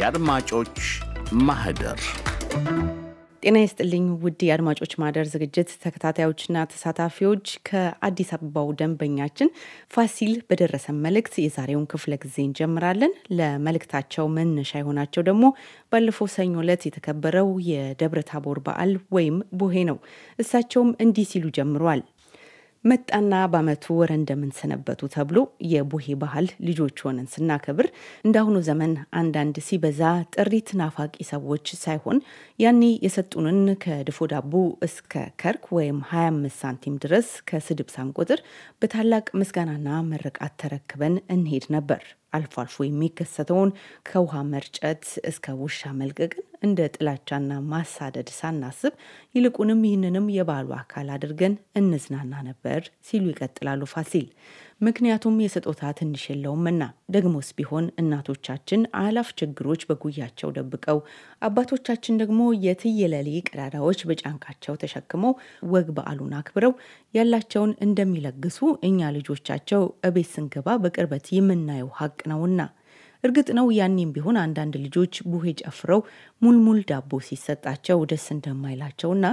የአድማጮች ማህደር ጤና ይስጥልኝ ውድ የአድማጮች ማህደር ዝግጅት ተከታታዮችና ተሳታፊዎች፣ ከአዲስ አበባው ደንበኛችን ፋሲል በደረሰ መልእክት የዛሬውን ክፍለ ጊዜ እንጀምራለን። ለመልእክታቸው መነሻ የሆናቸው ደግሞ ባለፈው ሰኞ ዕለት የተከበረው የደብረ ታቦር በዓል ወይም ቡሄ ነው። እሳቸውም እንዲህ ሲሉ ጀምሯል። መጣና በአመቱ ወር እንደምንሰነበቱ ተብሎ የቡሄ ባህል ልጆች ሆነን ስናከብር እንደ አሁኑ ዘመን አንዳንድ ሲበዛ ጥሪት ናፋቂ ሰዎች ሳይሆን ያኔ የሰጡንን ከድፎ ዳቦ እስከ ከርክ ወይም 25 ሳንቲም ድረስ ከስድብ ሳንቆጥር በታላቅ ምስጋናና መረቃት ተረክበን እንሄድ ነበር። አልፎ አልፎ የሚከሰተውን ከውሃ መርጨት እስከ ውሻ መልቀቅን እንደ ጥላቻና ማሳደድ ሳናስብ ይልቁንም ይህንንም የባህሉ አካል አድርገን እንዝናና ነበር ሲሉ ይቀጥላሉ ፋሲል። ምክንያቱም የስጦታ ትንሽ የለውምና። ደግሞስ ቢሆን እናቶቻችን አላፍ ችግሮች በጉያቸው ደብቀው፣ አባቶቻችን ደግሞ የትየለሌ ቀዳዳዎች በጫንቃቸው ተሸክመው ወግ በዓሉን አክብረው ያላቸውን እንደሚለግሱ እኛ ልጆቻቸው እቤት ስንገባ በቅርበት የምናየው ሀቅ ነውና እርግጥ ነው ያኔም ቢሆን አንዳንድ ልጆች ቡሄ ጨፍረው ሙልሙል ዳቦ ሲሰጣቸው ደስ እንደማይላቸው ና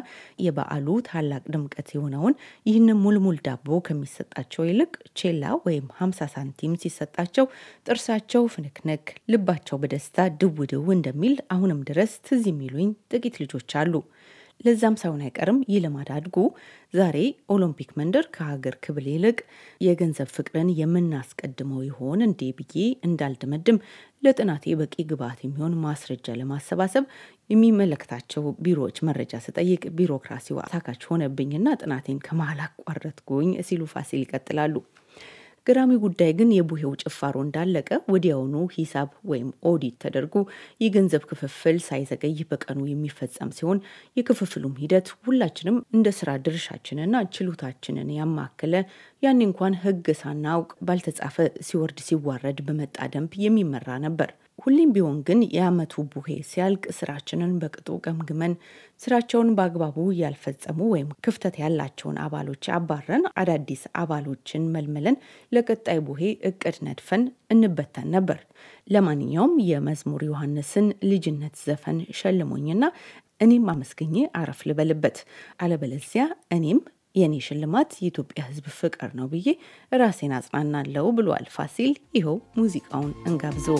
የበዓሉ ታላቅ ድምቀት የሆነውን ይህንን ሙልሙል ዳቦ ከሚሰጣቸው ይልቅ ቼላ ወይም 50 ሳንቲም ሲሰጣቸው ጥርሳቸው ፍንክንክ፣ ልባቸው በደስታ ድውድው እንደሚል አሁንም ድረስ ትዝ የሚሉኝ ጥቂት ልጆች አሉ። ለዛም ሳይሆን አይቀርም ይህ ልማድ አድጎ ዛሬ ኦሎምፒክ መንደር ከሀገር ክብል ይልቅ የገንዘብ ፍቅርን የምናስቀድመው ይሆን እንዴ ብዬ እንዳልደመድም ለጥናት የበቂ ግብዓት የሚሆን ማስረጃ ለማሰባሰብ የሚመለከታቸው ቢሮዎች መረጃ ስጠይቅ ቢሮክራሲው አታካች ሆነብኝና ጥናቴን ከመሀል ጎኝ ሲሉ ፋሲል ይቀጥላሉ። ገራሚ ጉዳይ ግን የቡሄው ጭፋሮ እንዳለቀ ወዲያውኑ ሂሳብ ወይም ኦዲት ተደርጎ የገንዘብ ክፍፍል ሳይዘገይ በቀኑ የሚፈጸም ሲሆን የክፍፍሉም ሂደት ሁላችንም እንደ ስራ ድርሻችንና ችሎታችንን ያማከለ ያን እንኳን ሕግ ሳናውቅ ባልተጻፈ ሲወርድ ሲዋረድ በመጣ ደንብ የሚመራ ነበር። ሁሌም ቢሆን ግን የአመቱ ቡሄ ሲያልቅ ስራችንን በቅጡ ገምግመን ስራቸውን በአግባቡ ያልፈጸሙ ወይም ክፍተት ያላቸውን አባሎች አባረን አዳዲስ አባሎችን መልመለን ለቀጣይ ቡሄ እቅድ ነድፈን እንበተን ነበር። ለማንኛውም የመዝሙር ዮሐንስን ልጅነት ዘፈን ሸልሞኝና እኔም አመስግኜ አረፍ ልበልበት። አለበለዚያ እኔም የእኔ ሽልማት የኢትዮጵያ ሕዝብ ፍቅር ነው ብዬ ራሴን አጽናናለው ብሏል ፋሲል። ይኸው ሙዚቃውን እንጋብዘው።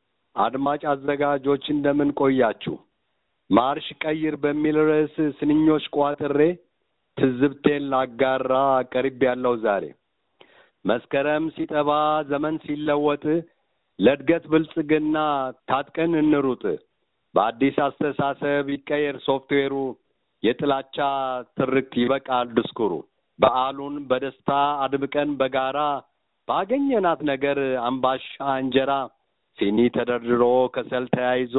አድማጭ አዘጋጆች እንደምን ቆያችሁ? ማርሽ ቀይር በሚል ርዕስ ስንኞች ቋጥሬ ትዝብቴን ላጋራ ቀርብ ያለው ዛሬ መስከረም ሲጠባ ዘመን ሲለወጥ ለእድገት ብልጽግና ታጥቀን እንሩጥ። በአዲስ አስተሳሰብ ይቀየር ሶፍትዌሩ የጥላቻ ትርክት ይበቃል ድስኩሩ። በዓሉን በደስታ አድምቀን በጋራ ባገኘናት ነገር አምባሻ እንጀራ ሲኒ ተደርድሮ ከሰል ተያይዞ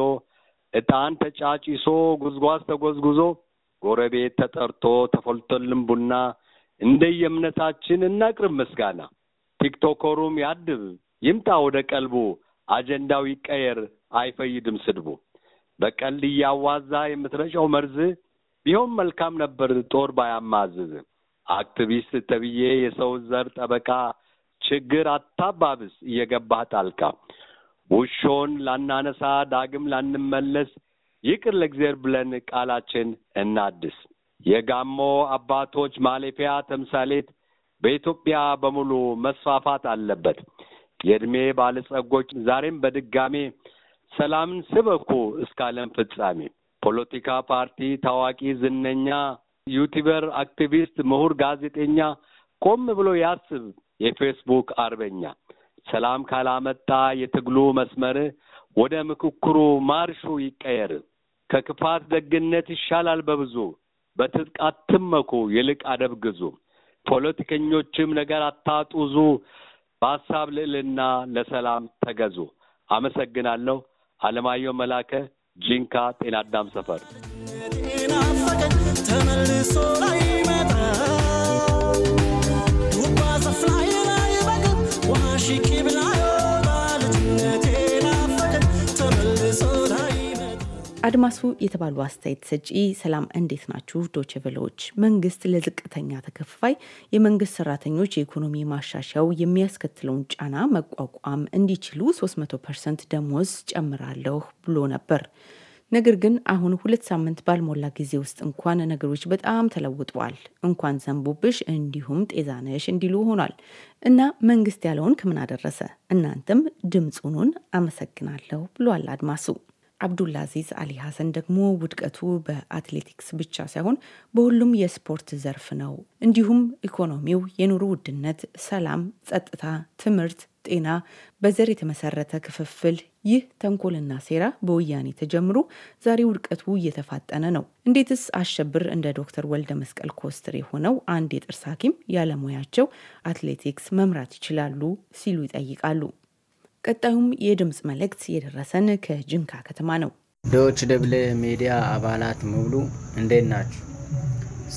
እጣን ተጫጭሶ ጉዝጓዝ ተጎዝጉዞ ጎረቤት ተጠርቶ ተፈልቶልን ቡና እንደ የእምነታችን እናቅርብ ምስጋና። ቲክቶከሩም ያድብ ይምጣ ወደ ቀልቡ አጀንዳው ይቀየር አይፈይድም ስድቡ። በቀልድ እያዋዛ የምትረጨው መርዝ ቢሆን መልካም ነበር ጦር ባያማዝዝ። አክቲቪስት ተብዬ የሰው ዘር ጠበቃ ችግር አታባብስ እየገባህ ጣልቃ ውሾን ላናነሳ ዳግም ላንመለስ ይቅር ለእግዜር ብለን ቃላችን እናድስ። የጋሞ አባቶች ማለፊያ ተምሳሌት በኢትዮጵያ በሙሉ መስፋፋት አለበት። የእድሜ ባለጸጎች ዛሬም በድጋሜ ሰላምን ስበኩ እስከ ፍጻሜ። ፖለቲካ ፓርቲ፣ ታዋቂ ዝነኛ፣ ዩቲበር፣ አክቲቪስት፣ ምሁር፣ ጋዜጠኛ ቆም ብሎ ያስብ የፌስቡክ አርበኛ ሰላም ካላመጣ የትግሉ መስመር ወደ ምክክሩ ማርሹ ይቀየር። ከክፋት ደግነት ይሻላል በብዙ። በትጥቅ አትመኩ፣ ይልቅ አደብ ግዙ። ፖለቲከኞችም ነገር አታጡዙ፣ በሀሳብ ልዕልና ለሰላም ተገዙ። አመሰግናለሁ። አለማየሁ መላከ ጂንካ፣ ጤና አዳም ሰፈር ተመልሶ አድማሱ የተባሉ አስተያየት ሰጪ ሰላም፣ እንዴት ናችሁ ዶች ቬለዎች? መንግስት ለዝቅተኛ ተከፋይ የመንግስት ሰራተኞች የኢኮኖሚ ማሻሻያው የሚያስከትለውን ጫና መቋቋም እንዲችሉ 300 ፐርሰንት ደሞዝ ጨምራለሁ ብሎ ነበር። ነገር ግን አሁን ሁለት ሳምንት ባልሞላ ጊዜ ውስጥ እንኳን ነገሮች በጣም ተለውጠዋል። እንኳን ዘንቦብሽ እንዲሁም ጤዛነሽ እንዲሉ ሆኗል እና መንግስት ያለውን ከምን አደረሰ። እናንተም ድምፁኑን አመሰግናለሁ ብሏል አድማሱ። አብዱላዚዝ አሊ ሀሰን ደግሞ ውድቀቱ በአትሌቲክስ ብቻ ሳይሆን በሁሉም የስፖርት ዘርፍ ነው፣ እንዲሁም ኢኮኖሚው፣ የኑሮ ውድነት፣ ሰላም፣ ጸጥታ፣ ትምህርት፣ ጤና፣ በዘር የተመሰረተ ክፍፍል፣ ይህ ተንኮልና ሴራ በወያኔ ተጀምሮ ዛሬ ውድቀቱ እየተፋጠነ ነው። እንዴትስ አሸብር እንደ ዶክተር ወልደ መስቀል ኮስትር የሆነው አንድ የጥርስ ሐኪም ያለሙያቸው አትሌቲክስ መምራት ይችላሉ ሲሉ ይጠይቃሉ። ቀጣዩም የድምፅ መልእክት የደረሰን ከጅንካ ከተማ ነው። ዶች ደብለ ሚዲያ አባላት ሙሉ እንዴት ናችሁ?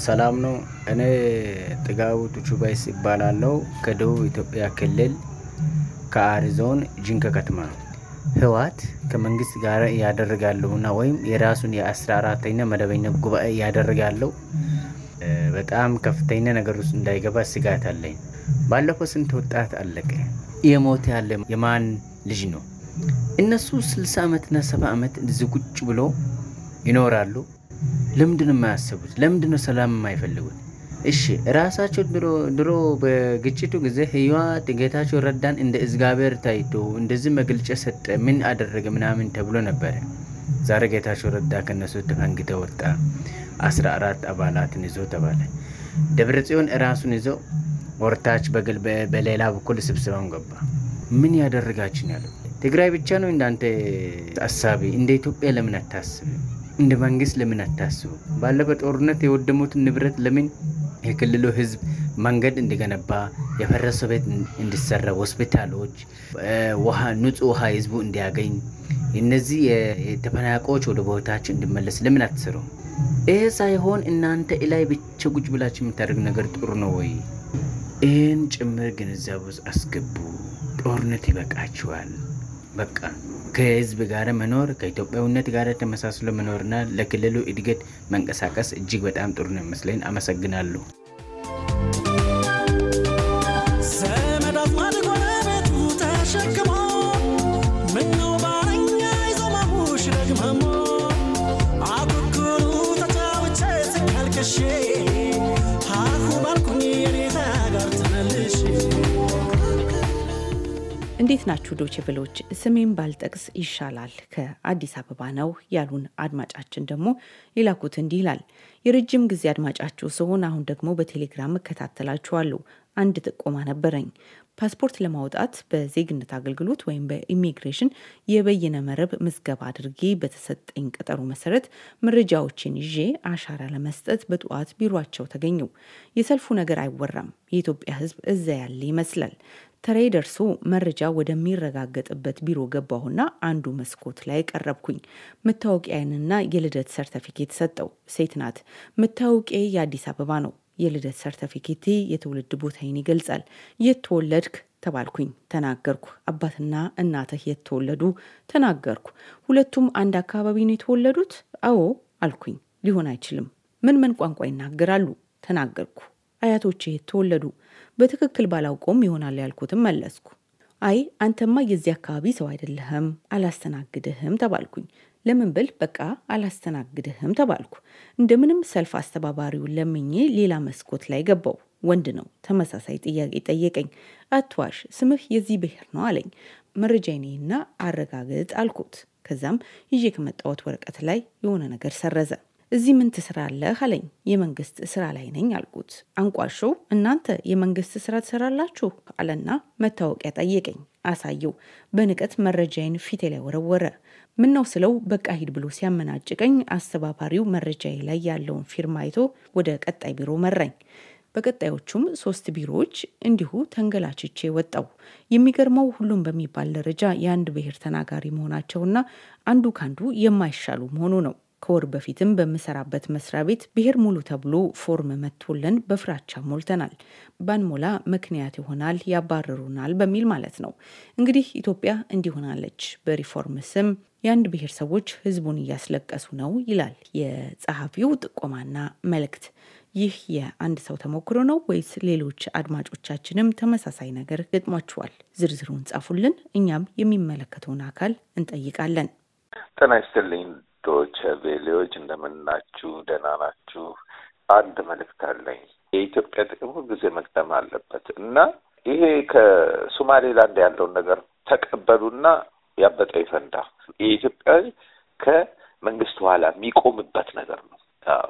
ሰላም ነው። እኔ ጥጋቡ ቱቹባይስ ይባላለው ከደቡብ ኢትዮጵያ ክልል ከአሪዞን ጅንካ ከተማ ነው። ህወሓት ከመንግስት ጋር እያደረጋለሁና ወይም የራሱን የአስራ አራተኛ መደበኛ ጉባኤ እያደረጋለሁ በጣም ከፍተኛ ነገር ውስጥ እንዳይገባ ስጋት አለኝ። ባለፈው ስንት ወጣት አለቀ። የሞት ያለ የማን ልጅ ነው? እነሱ 60 ዓመትና 70 ዓመት እዚህ ቁጭ ብሎ ይኖራሉ። ለምንድን ነው የማያስቡት? ለምንድን ነው ሰላም የማይፈልጉት? እሺ ራሳቸው ድሮ በግጭቱ ጊዜ ህይወት ጌታቸው ረዳን እንደ እግዚአብሔር ታይቶ እንደዚህ መግለጫ ሰጠ፣ ምን አደረገ ምናምን ተብሎ ነበረ። ዛሬ ጌታቸው ረዳ ከነሱ ተፈንግተ ወጣ። 14 አባላትን ይዞ ተባለ። ደብረ ጽዮን ራሱን ይዞ ወርታች በሌላ በኩል ስብሰባውን ገባ። ምን ያደረጋችን ያለው ትግራይ ብቻ ነው። እንዳንተ አሳቢ እንደ ኢትዮጵያ ለምን አታስብ እንደ መንግስት ለምን አታስቡ? ባለፈ ጦርነት የወደሙትን ንብረት ለምን የክልሉ ህዝብ መንገድ እንዲገነባ፣ የፈረሰ ቤት እንዲሰራ፣ ሆስፒታሎች፣ ውሃ፣ ንጹህ ውሃ ህዝቡ እንዲያገኝ፣ እነዚህ የተፈናቃዮች ወደ ቦታቸው እንዲመለስ ለምን አትሰሩም? ይህ ሳይሆን እናንተ ላይ ብቻ ጉጭ ብላችሁ የምታደርግ ነገር ጥሩ ነው ወይ? ይህን ጭምር ግንዛቤ ውስጥ አስገቡ። ጦርነት ይበቃችኋል። በቃ ከህዝብ ጋር መኖር ከኢትዮጵያዊነት ጋር ተመሳስሎ መኖርና ለክልሉ እድገት መንቀሳቀስ እጅግ በጣም ጥሩ ነው ይመስለኝ። አመሰግናለሁ። ናችሁ ዶችቬሎች ስሜን ባልጠቅስ ይሻላል ከአዲስ አበባ ነው ያሉን አድማጫችን ደግሞ ሊላኩት እንዲህ ይላል። የረጅም ጊዜ አድማጫችሁ ሲሆን አሁን ደግሞ በቴሌግራም እከታተላችኋለሁ። አንድ ጥቆማ ነበረኝ። ፓስፖርት ለማውጣት በዜግነት አገልግሎት ወይም በኢሚግሬሽን የበይነ መረብ ምዝገባ አድርጌ በተሰጠኝ ቀጠሮ መሰረት መረጃዎችን ይዤ አሻራ ለመስጠት በጠዋት ቢሮቸው ተገኘው። የሰልፉ ነገር አይወራም። የኢትዮጵያ ህዝብ እዛ ያለ ይመስላል። ደርሶ መረጃ ወደሚረጋገጥበት ቢሮ ገባሁና አንዱ መስኮት ላይ ቀረብኩኝ። መታወቂያንና የልደት ሰርተፊኬት ሰጠው። ሴት ናት። መታወቂያዬ የአዲስ አበባ ነው። የልደት ሰርተፊኬቴ የትውልድ ቦታዬን ይገልጻል። የት ተወለድክ ተባልኩኝ። ተናገርኩ። አባትና እናትህ የት ተወለዱ? ተናገርኩ። ሁለቱም አንድ አካባቢ ነው የተወለዱት? አዎ አልኩኝ። ሊሆን አይችልም። ምን ምን ቋንቋ ይናገራሉ? ተናገርኩ። አያቶቼ የት ተወለዱ? በትክክል ባላውቀውም ይሆናል ያልኩትም መለስኩ። አይ አንተማ የዚህ አካባቢ ሰው አይደለህም፣ አላስተናግድህም ተባልኩኝ። ለምን ብል በቃ አላስተናግድህም ተባልኩ። እንደምንም ሰልፍ አስተባባሪውን ለምኜ ሌላ መስኮት ላይ ገባው። ወንድ ነው። ተመሳሳይ ጥያቄ ጠየቀኝ። አትዋሽ፣ ስምህ የዚህ ብሔር ነው አለኝ። መረጃዬንና አረጋግጥ አልኩት። ከዛም ይዤ ከመጣወት ወረቀት ላይ የሆነ ነገር ሰረዘ። እዚህ ምን ትስራለህ አለኝ። የመንግስት ስራ ላይ ነኝ አልኩት። አንቋሾው እናንተ የመንግስት ስራ ትሰራላችሁ አለና መታወቂያ ጠየቀኝ። አሳየው። በንቀት መረጃዬን ፊቴ ላይ ወረወረ። ምነው ስለው በቃ ሂድ ብሎ ሲያመናጭቀኝ አስተባባሪው መረጃዬ ላይ ያለውን ፊርማ አይቶ ወደ ቀጣይ ቢሮ መራኝ። በቀጣዮቹም ሶስት ቢሮዎች እንዲሁ ተንገላችቼ ወጣው። የሚገርመው ሁሉም በሚባል ደረጃ የአንድ ብሔር ተናጋሪ መሆናቸውና አንዱ ካንዱ የማይሻሉ መሆኑ ነው። ከወር በፊትም በምሰራበት መስሪያ ቤት ብሔር ሙሉ ተብሎ ፎርም መጥቶልን በፍራቻ ሞልተናል። ባንሞላ ምክንያት ይሆናል ያባረሩናል በሚል ማለት ነው። እንግዲህ ኢትዮጵያ እንዲሆናለች በሪፎርም ስም የአንድ ብሔር ሰዎች ህዝቡን እያስለቀሱ ነው ይላል የጸሐፊው ጥቆማና መልእክት። ይህ የአንድ ሰው ተሞክሮ ነው ወይስ ሌሎች አድማጮቻችንም ተመሳሳይ ነገር ገጥሟችኋል? ዝርዝሩን ጻፉልን። እኛም የሚመለከተውን አካል እንጠይቃለን። ጤና ይስጥልኝ ዶች ቬሌዎች እንደምናችሁ ደህና ናችሁ? አንድ መልእክት አለኝ። የኢትዮጵያ ጥቅም ሁልጊዜ መቅደም አለበት እና ይሄ ከሶማሌላንድ ያለውን ነገር ተቀበሉና ያበጠ ይፈንዳ። የኢትዮጵያ ከመንግስት በኋላ የሚቆምበት ነገር ነው። አዎ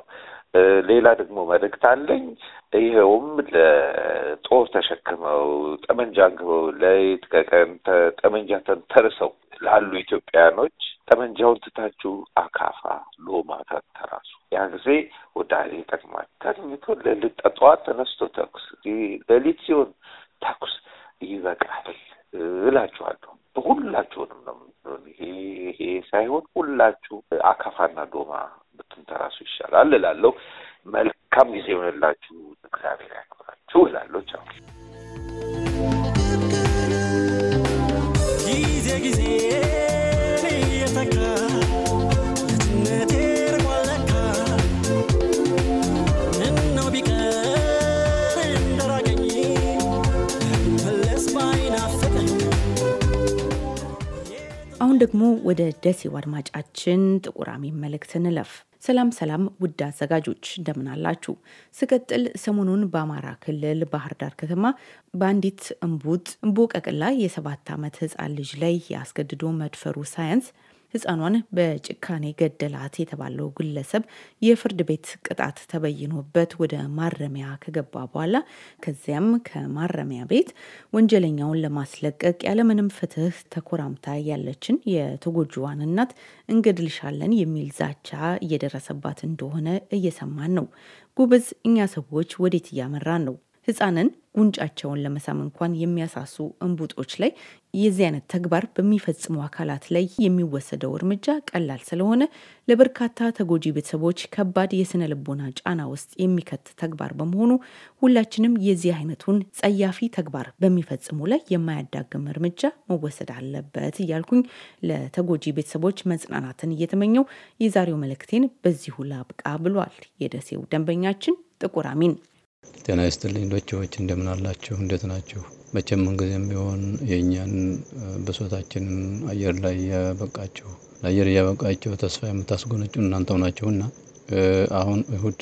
ሌላ ደግሞ መልእክት አለኝ። ይኸውም ለጦር ተሸክመው ጠመንጃ አንግበው ለይት ከቀን ጠመንጃ ተንተርሰው ላሉ ኢትዮጵያኖች ጠመንጃውን ትታችሁ አካፋ ሎማ ተራሱ ያን ጊዜ ወደ አሌ ይጠቅማል። ተኝቶ ሌሊት ጠዋት ተነስቶ ተኩስ ሌሊት ሲሆን ተኩስ ይበቃል እላችኋለሁ። በሁላችሁንም ነው ይሄ ሳይሆን ሁላችሁ አካፋና ዶማ ብትንተራሱ ይሻላል እላለሁ። መልካም ጊዜ ይሆንላችሁ። እግዚአብሔር ያክብራችሁ እላለሁ። ቻው ጊዜ ጊዜ እየተካ ልጅነቴ ምነው ቢቀር እንደራቀኝ መለስ ባይናፍቀኝ አሁን ደግሞ ወደ ደሴው አድማጫችን ጥቁር አሚን መልእክት እንለፍ። ሰላም ሰላም ውድ አዘጋጆች እንደምን አላችሁ? ስቀጥል ሰሞኑን በአማራ ክልል ባህር ዳር ከተማ በአንዲት እምቡጥ እምቦ ቀቅላ የሰባት ዓመት ህፃን ልጅ ላይ የአስገድዶ መድፈሩ ሳያንስ ህፃኗን በጭካኔ ገደላት የተባለው ግለሰብ የፍርድ ቤት ቅጣት ተበይኖበት ወደ ማረሚያ ከገባ በኋላ ከዚያም ከማረሚያ ቤት ወንጀለኛውን ለማስለቀቅ ያለምንም ፍትህ ተኮራምታ ያለችን የተጎጂዋን እናት እንገድልሻለን የሚል ዛቻ እየደረሰባት እንደሆነ እየሰማን ነው። ጉብዝ እኛ ሰዎች ወዴት እያመራን ነው? ህፃንን ጉንጫቸውን ለመሳም እንኳን የሚያሳሱ እንቡጦች ላይ የዚህ አይነት ተግባር በሚፈጽሙ አካላት ላይ የሚወሰደው እርምጃ ቀላል ስለሆነ ለበርካታ ተጎጂ ቤተሰቦች ከባድ የስነ ልቦና ጫና ውስጥ የሚከት ተግባር በመሆኑ ሁላችንም የዚህ አይነቱን ጸያፊ ተግባር በሚፈጽሙ ላይ የማያዳግም እርምጃ መወሰድ አለበት እያልኩኝ ለተጎጂ ቤተሰቦች መጽናናትን እየተመኘው የዛሬው መልእክቴን በዚሁ ላብቃ ብሏል የደሴው ደንበኛችን ጥቁር አሚን። ጤና ይስጥልኝ ዶቼዎች እንደምን አላችሁ? እንዴት ናችሁ? መቼም ምንጊዜም ቢሆን የእኛን ብሶታችንን አየር ላይ እያበቃችሁ ለአየር እያበቃችሁ ተስፋ የምታስጎነጩ እናንተው ናችሁና አሁን እሁድ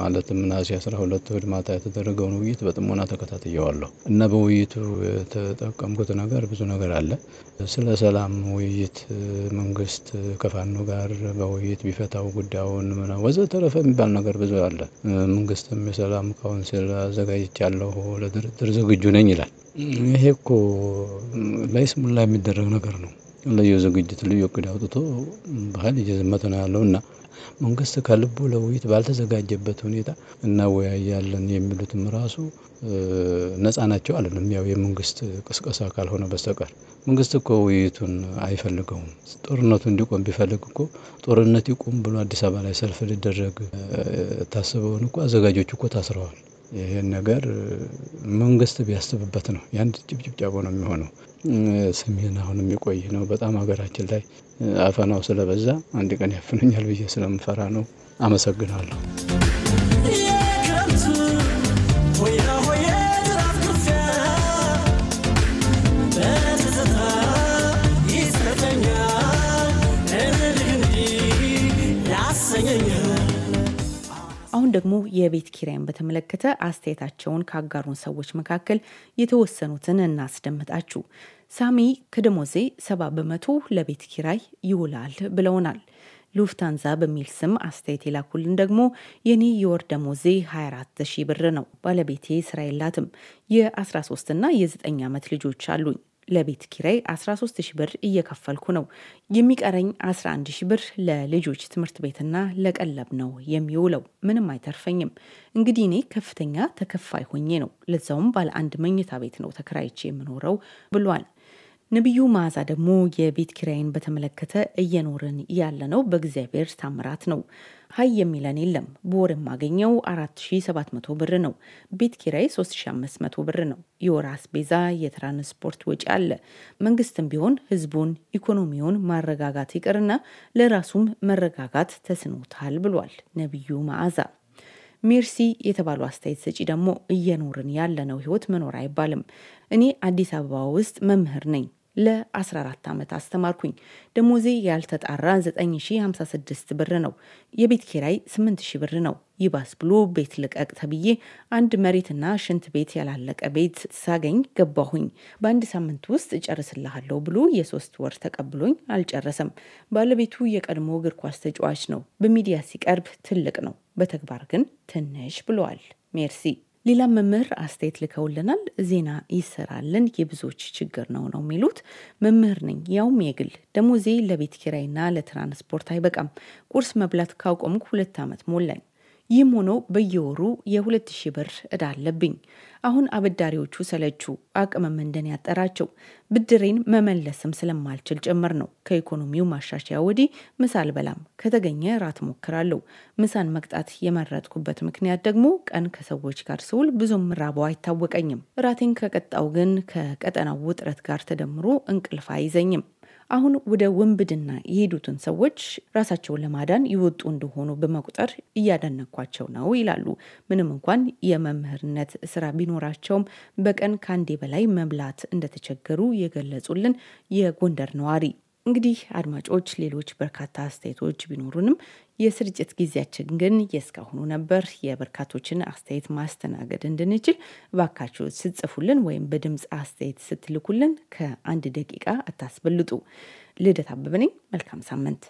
ማለትም ነሐሴ አስራ ሁለት እሁድ ማታ የተደረገውን ውይይት በጥሞና ተከታትየዋለሁ እና በውይይቱ የተጠቀምኩት ነገር ብዙ ነገር አለ። ስለ ሰላም ውይይት መንግስት ከፋኖ ጋር በውይይት ቢፈታው ጉዳዩን ወዘተረፈ የሚባል ነገር ብዙ አለ። መንግስትም የሰላም ካውንስል አዘጋጅቻለሁ ለድርድር ዝግጁ ነኝ ይላል። ይሄ እኮ ለይስሙላ የሚደረግ ነገር ነው። ልዩ ዝግጅት ልዩ እቅድ አውጥቶ ባህል እየዘመተ ነው ያለው እና መንግስት ከልቡ ለውይይት ባልተዘጋጀበት ሁኔታ እናወያያለን የሚሉትም ራሱ ነፃ ናቸው አለንም። ያው የመንግስት ቅስቀሳ ካልሆነ በስተቀር መንግስት እኮ ውይይቱን አይፈልገውም። ጦርነቱ እንዲቆም ቢፈልግ እኮ ጦርነት ይቁም ብሎ አዲስ አበባ ላይ ሰልፍ ሊደረግ ታስበውን እኮ አዘጋጆች እኮ ታስረዋል። ይሄን ነገር መንግስት ቢያስብበት ነው። የአንድ ጭብጭብጫቦ ነው የሚሆነው። ስሜን አሁን የሚቆይ ነው። በጣም ሀገራችን ላይ አፈናው ስለበዛ አንድ ቀን ያፍነኛል ብዬ ስለምፈራ ነው። አመሰግናለሁ። እንዲሁም ደግሞ የቤት ኪራይን በተመለከተ አስተያየታቸውን ካጋሩን ሰዎች መካከል የተወሰኑትን እናስደምጣችሁ። ሳሚ ከደሞዜ ሰባ በመቶ ለቤት ኪራይ ይውላል ብለውናል። ሉፍታንዛ በሚል ስም አስተያየት የላኩልን ደግሞ የኔ የወር ደሞዜ 24000 ብር ነው። ባለቤቴ ስራ የላትም። የ13ና የ9 ዓመት ልጆች አሉኝ። ለቤት ኪራይ 13 ሺ ብር እየከፈልኩ ነው። የሚቀረኝ 11 ሺ ብር ለልጆች ትምህርት ቤትና ለቀለብ ነው የሚውለው። ምንም አይተርፈኝም። እንግዲህ እኔ ከፍተኛ ተከፋይ ሆኜ ነው፣ ለዛውም ባለ አንድ መኝታ ቤት ነው ተከራይቼ የምኖረው ብሏል። ነቢዩ መዓዛ ደግሞ የቤት ኪራይን በተመለከተ እየኖርን ያለነው በእግዚአብሔር ታምራት ነው። ሀይ የሚለን የለም። በወር የማገኘው 4700 ብር ነው። ቤት ኪራይ 3500 ብር ነው። የወር አስቤዛ፣ የትራንስፖርት ወጪ አለ። መንግስትም ቢሆን ህዝቡን፣ ኢኮኖሚውን ማረጋጋት ይቅርና ለራሱም መረጋጋት ተስኖታል ብሏል ነቢዩ መዓዛ። ሜርሲ የተባሉ አስተያየት ሰጪ ደግሞ እየኖርን ያለነው ህይወት መኖር አይባልም። እኔ አዲስ አበባ ውስጥ መምህር ነኝ። ለ14 ዓመት አስተማርኩኝ። ደሞዜ ያልተጣራ 9056 ብር ነው። የቤት ኪራይ 8000 ብር ነው። ይባስ ብሎ ቤት ልቀቅ ተብዬ አንድ መሬትና ሽንት ቤት ያላለቀ ቤት ሳገኝ ገባሁኝ። በአንድ ሳምንት ውስጥ እጨርስልሃለሁ ብሎ የሶስት ወር ተቀብሎኝ አልጨረሰም። ባለቤቱ የቀድሞ እግር ኳስ ተጫዋች ነው። በሚዲያ ሲቀርብ ትልቅ ነው፣ በተግባር ግን ትንሽ ብለዋል። ሜርሲ ሌላም መምህር አስተያየት ልከውልናል። ዜና ይሰራልን የብዙዎች ችግር ነው ነው የሚሉት መምህር ነኝ፣ ያውም የግል ደሞዜ ለቤት ኪራይና ለትራንስፖርት አይበቃም። ቁርስ መብላት ካቆምኩ ሁለት ዓመት ሞላኝ። ይህም ሆኖ በየወሩ የሁለት ሺህ ብር እዳ አለብኝ። አሁን አበዳሪዎቹ ሰለቹ፣ አቅምም እንደን ያጠራቸው ብድሬን መመለስም ስለማልችል ጭምር ነው። ከኢኮኖሚው ማሻሻያ ወዲህ ምሳ አልበላም፣ ከተገኘ ራት ሞክራለሁ። ምሳን መቅጣት የመረጥኩበት ምክንያት ደግሞ ቀን ከሰዎች ጋር ስውል ብዙም ራበው አይታወቀኝም። ራቴን ከቀጣው ግን ከቀጠናው ውጥረት ጋር ተደምሮ እንቅልፍ አይዘኝም። አሁን ወደ ውንብድና የሄዱትን ሰዎች ራሳቸውን ለማዳን ይወጡ እንደሆኑ በመቁጠር እያደነኳቸው ነው ይላሉ። ምንም እንኳን የመምህርነት ስራ ቢኖራቸውም በቀን ከአንዴ በላይ መብላት እንደተቸገሩ የገለጹልን የጎንደር ነዋሪ እንግዲህ አድማጮች፣ ሌሎች በርካታ አስተያየቶች ቢኖሩንም የስርጭት ጊዜያችን ግን የእስካሁኑ ነበር። የበርካቶችን አስተያየት ማስተናገድ እንድንችል ባካችሁ ስትጽፉልን ወይም በድምፅ አስተያየት ስትልኩልን ከአንድ ደቂቃ አታስበልጡ። ልደት አበበ ነኝ። መልካም ሳምንት።